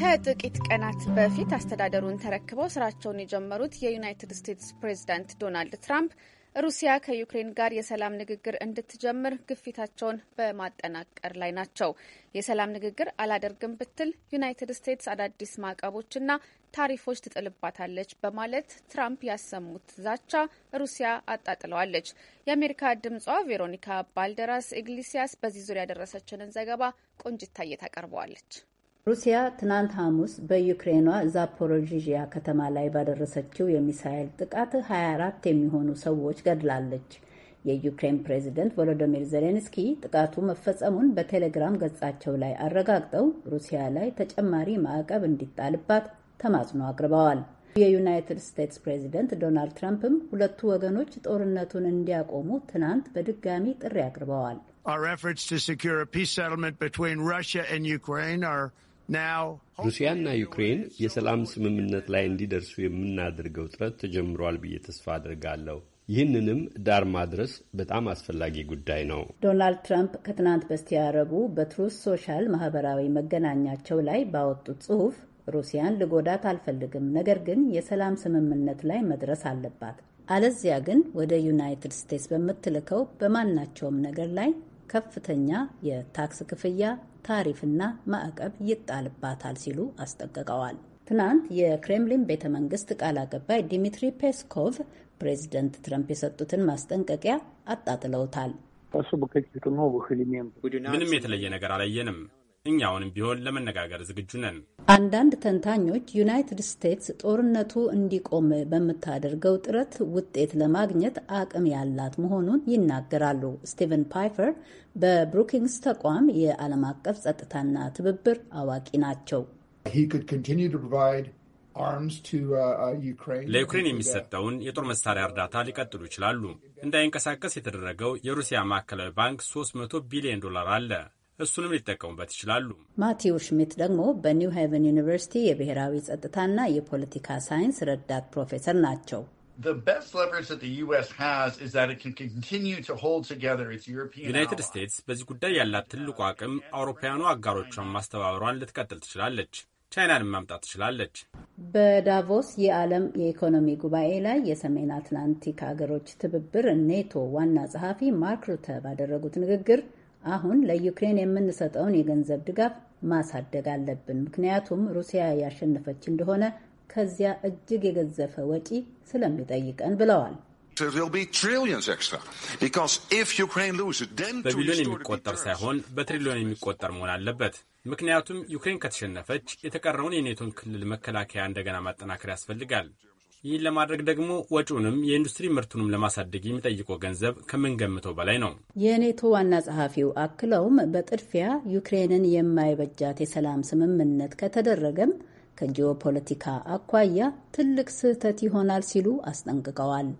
ከጥቂት ቀናት በፊት አስተዳደሩን ተረክበው ስራቸውን የጀመሩት የዩናይትድ ስቴትስ ፕሬዚዳንት ዶናልድ ትራምፕ ሩሲያ ከዩክሬን ጋር የሰላም ንግግር እንድትጀምር ግፊታቸውን በማጠናቀር ላይ ናቸው። የሰላም ንግግር አላደርግም ብትል ዩናይትድ ስቴትስ አዳዲስ ማዕቀቦችና ታሪፎች ትጥልባታለች በማለት ትራምፕ ያሰሙት ዛቻ ሩሲያ አጣጥለዋለች። የአሜሪካ ድምጿ ቬሮኒካ ባልደራስ ኢግሊሲያስ በዚህ ዙሪያ ያደረሰችንን ዘገባ ቆንጅታዬ ታቀርበዋለች። ሩሲያ ትናንት ሐሙስ በዩክሬኗ ዛፖሮዥያ ከተማ ላይ ባደረሰችው የሚሳኤል ጥቃት 24 የሚሆኑ ሰዎች ገድላለች። የዩክሬን ፕሬዝደንት ቮሎዶሚር ዜሌንስኪ ጥቃቱ መፈጸሙን በቴሌግራም ገጻቸው ላይ አረጋግጠው ሩሲያ ላይ ተጨማሪ ማዕቀብ እንዲጣልባት ተማጽኖ አቅርበዋል። የዩናይትድ ስቴትስ ፕሬዝደንት ዶናልድ ትራምፕም ሁለቱ ወገኖች ጦርነቱን እንዲያቆሙ ትናንት በድጋሚ ጥሪ አቅርበዋል። ሩሲያና ዩክሬን የሰላም ስምምነት ላይ እንዲደርሱ የምናደርገው ጥረት ተጀምሯል ብዬ ተስፋ አድርጋለሁ። ይህንንም ዳር ማድረስ በጣም አስፈላጊ ጉዳይ ነው። ዶናልድ ትራምፕ ከትናንት በስቲያ ረቡዕ በትሩስ ሶሻል ማህበራዊ መገናኛቸው ላይ ባወጡት ጽሑፍ ሩሲያን ልጎዳት አልፈልግም፣ ነገር ግን የሰላም ስምምነት ላይ መድረስ አለባት፣ አለዚያ ግን ወደ ዩናይትድ ስቴትስ በምትልከው በማናቸውም ነገር ላይ ከፍተኛ የታክስ ክፍያ፣ ታሪፍና ማዕቀብ ይጣልባታል ሲሉ አስጠንቅቀዋል። ትናንት የክሬምሊን ቤተ መንግስት ቃል አቀባይ ዲሚትሪ ፔስኮቭ ፕሬዚደንት ትረምፕ የሰጡትን ማስጠንቀቂያ አጣጥለውታል። ምንም የተለየ ነገር አላየንም። እኛውንም ቢሆን ለመነጋገር ዝግጁ ነን። አንዳንድ ተንታኞች ዩናይትድ ስቴትስ ጦርነቱ እንዲቆም በምታደርገው ጥረት ውጤት ለማግኘት አቅም ያላት መሆኑን ይናገራሉ። ስቲቨን ፓይፈር በብሩኪንግስ ተቋም የዓለም አቀፍ ጸጥታና ትብብር አዋቂ ናቸው። uh, uh, ለዩክሬን የሚሰጠውን የጦር መሳሪያ እርዳታ ሊቀጥሉ ይችላሉ። እንዳይንቀሳቀስ የተደረገው የሩሲያ ማዕከላዊ ባንክ 300 ቢሊዮን ዶላር አለ። እሱንም ሊጠቀሙበት ይችላሉ። ማቴው ሽሚት ደግሞ በኒው ሃይቨን ዩኒቨርሲቲ የብሔራዊ ጸጥታና የፖለቲካ ሳይንስ ረዳት ፕሮፌሰር ናቸው። ዩናይትድ ስቴትስ በዚህ ጉዳይ ያላት ትልቁ አቅም አውሮፓውያኑ አጋሮቿን ማስተባበሯን ልትቀጥል ትችላለች። ቻይናንም ማምጣት ትችላለች። በዳቮስ የዓለም የኢኮኖሚ ጉባኤ ላይ የሰሜን አትላንቲክ ሀገሮች ትብብር ኔቶ ዋና ጸሐፊ ማርክ ሩተ ባደረጉት ንግግር አሁን ለዩክሬን የምንሰጠውን የገንዘብ ድጋፍ ማሳደግ አለብን። ምክንያቱም ሩሲያ ያሸነፈች እንደሆነ ከዚያ እጅግ የገዘፈ ወጪ ስለሚጠይቀን ብለዋል። በቢሊዮን የሚቆጠር ሳይሆን በትሪሊዮን የሚቆጠር መሆን አለበት። ምክንያቱም ዩክሬን ከተሸነፈች የተቀረውን የኔቶን ክልል መከላከያ እንደገና ማጠናከር ያስፈልጋል። ይህን ለማድረግ ደግሞ ወጪውንም የኢንዱስትሪ ምርቱንም ለማሳደግ የሚጠይቀው ገንዘብ ከምንገምተው በላይ ነው። የኔቶ ዋና ጸሐፊው አክለውም በጥድፊያ ዩክሬንን የማይበጃት የሰላም ስምምነት ከተደረገም ከጂኦፖለቲካ አኳያ ትልቅ ስህተት ይሆናል ሲሉ አስጠንቅቀዋል።